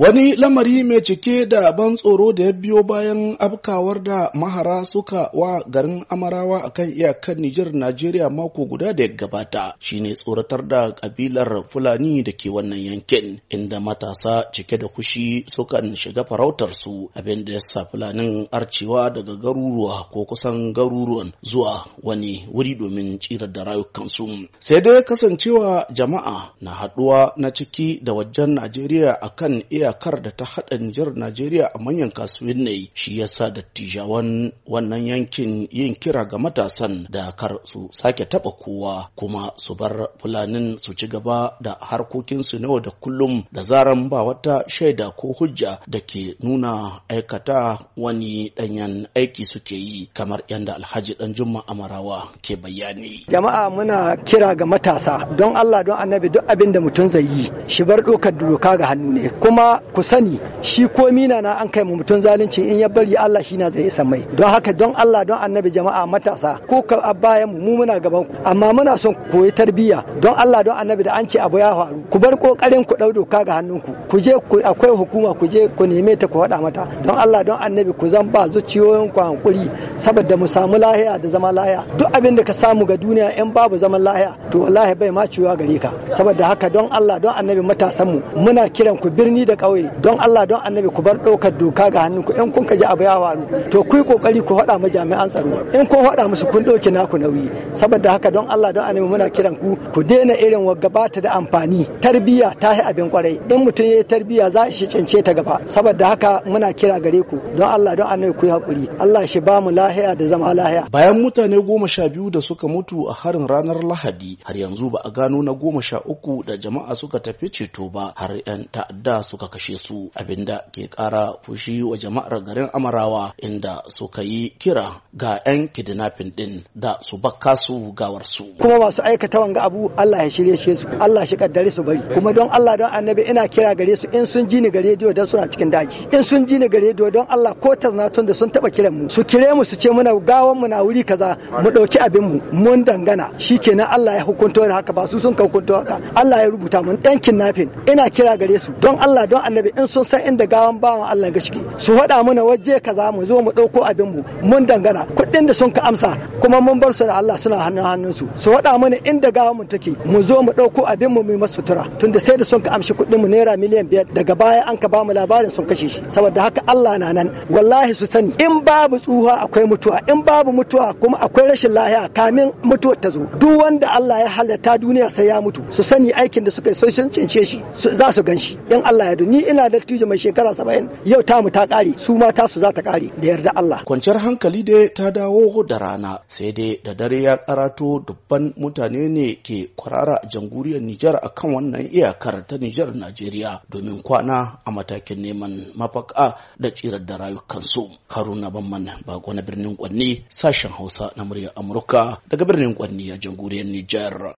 Wani lamari mai cike da ban tsoro da ya biyo bayan abkawar da mahara suka wa garin Amarawa a kan iyakar Nijar Najeriya mako guda da ya gabata shine tsoratar da kabilar Fulani da ke wannan yankin inda matasa cike da kushi sukan shiga farautar su abin da ya sa Fulanin arcewa daga garuruwa ko kusan garuruwan zuwa wani wuri domin tsirar da rayukansu. Sai dai kasancewa jama'a na haɗuwa na ciki da wajen Najeriya akan iya iyakar da ta haɗa Nijar Najeriya a manyan kasuwanni shi yasa dattijawan wannan yankin yin kira ga matasan da kar su sake taɓa kowa kuma su bar fulanin su ci gaba da harkokinsu nawa da kullum da zaran ba wata shaida ko hujja da ke nuna aikata wani ɗanyen aiki suke yi kamar yadda Alhaji Juma Amarawa ke bayani. Jama'a muna kira ga matasa don Allah don annabi duk abin da mutum zai yi shi bar dokar doka ga hannu ne kuma ku sani shi ko mina na an kai mutum zalunci in ya bari Allah shi na zai isa mai don haka don Allah don annabi jama'a matasa ko ka bayan mu mu muna gaban ku amma muna son ku koyi tarbiyya don Allah don annabi da an ce abu ya faru ku bar kokarin ku dau doka ga hannunku ku je akwai hukuma ku je ku neme ta ku hada mata don Allah don annabi ku zan ba zuciyoyin ku hankuri saboda mu samu lahiya da zama lahiya duk abin da ka samu ga duniya in babu zaman lahiya to wallahi bai ma ciwa gare ka saboda haka don Allah don annabi matasan mu muna kiran ku birni da ƙauye don Allah don annabi ku bar ɗaukar doka ga hannu hannunku in kun kaji abu ya faru to ku yi kokari ku faɗa ma jami'an tsaro in kun faɗa musu kun ɗauki naku nauyi saboda haka don Allah don annabi muna kiran ku ku daina irin wa gabata da amfani tarbiyya ta yi abin kwarai in mutum ya yi tarbiyya za shi cince ta gaba saboda haka muna kira gare ku don Allah don annabi ku yi hakuri Allah shi ba mu lahiya da zama lahiya bayan mutane goma sha biyu da suka mutu a harin ranar Lahadi har yanzu ba a gano na goma sha uku da jama'a suka tafi ceto ba har 'yan ta'adda suka kashe su abinda ke kara fushi wa jama'ar garin amarawa inda suka yi kira ga 'yan kidnapping din da su bakka su gawar su kuma masu aikata wanga abu Allah ya shirya shi su Allah shi kaddare su bari kuma don Allah don annabi ina kira gare su in sun ji ni ga rediyo don suna cikin daji in sun ji ni ga rediyo don Allah ko tun da sun taba kiran mu su kire mu su ce muna gawan mu na wuri kaza mu ɗauki abin mu mun dangana shikenan Allah ya hukunto da haka ba su sun ka hukunto haka Allah ya rubuta mun dan kidnapping ina kira gare su don Allah don manzon annabi in sun san inda gawan bawan Allah ga shi su faɗa mana waje kaza mu zo mu ɗauko abin mu mun dangana kuɗin da sun ka amsa kuma mun bar su da Allah suna hannun hannun su su faɗa mana inda gawan mu take mu zo mu ɗauko abin mu mu masu sutura tunda sai da sun ka amshi kuɗin mu naira miliyan biyar daga baya an ka ba mu labarin sun kashe shi saboda haka Allah na nan wallahi su sani in babu tsuha akwai mutuwa in babu mutuwa kuma akwai rashin lahiya kamin mutuwa ta zo duk wanda Allah ya halatta duniya sai ya mutu su sani aikin da suka yi sun cince shi za su gan shi in Allah ya ni ina da tuji mai shekara saba'in yau ta mu ta kare su ma su za ta kare da yarda Allah kwanciyar hankali dai ta dawo da rana sai dai da dare ya karato dubban mutane ne ke kwarara janguriyar Nijar a kan wannan iyakar ta Nijar Najeriya domin kwana a matakin neman mafaka da tsirar da rayukansu Haruna Bamman bago na birnin Kwanni sashen Hausa na muryar Amurka daga birnin Kwanni a janguriyar Nijar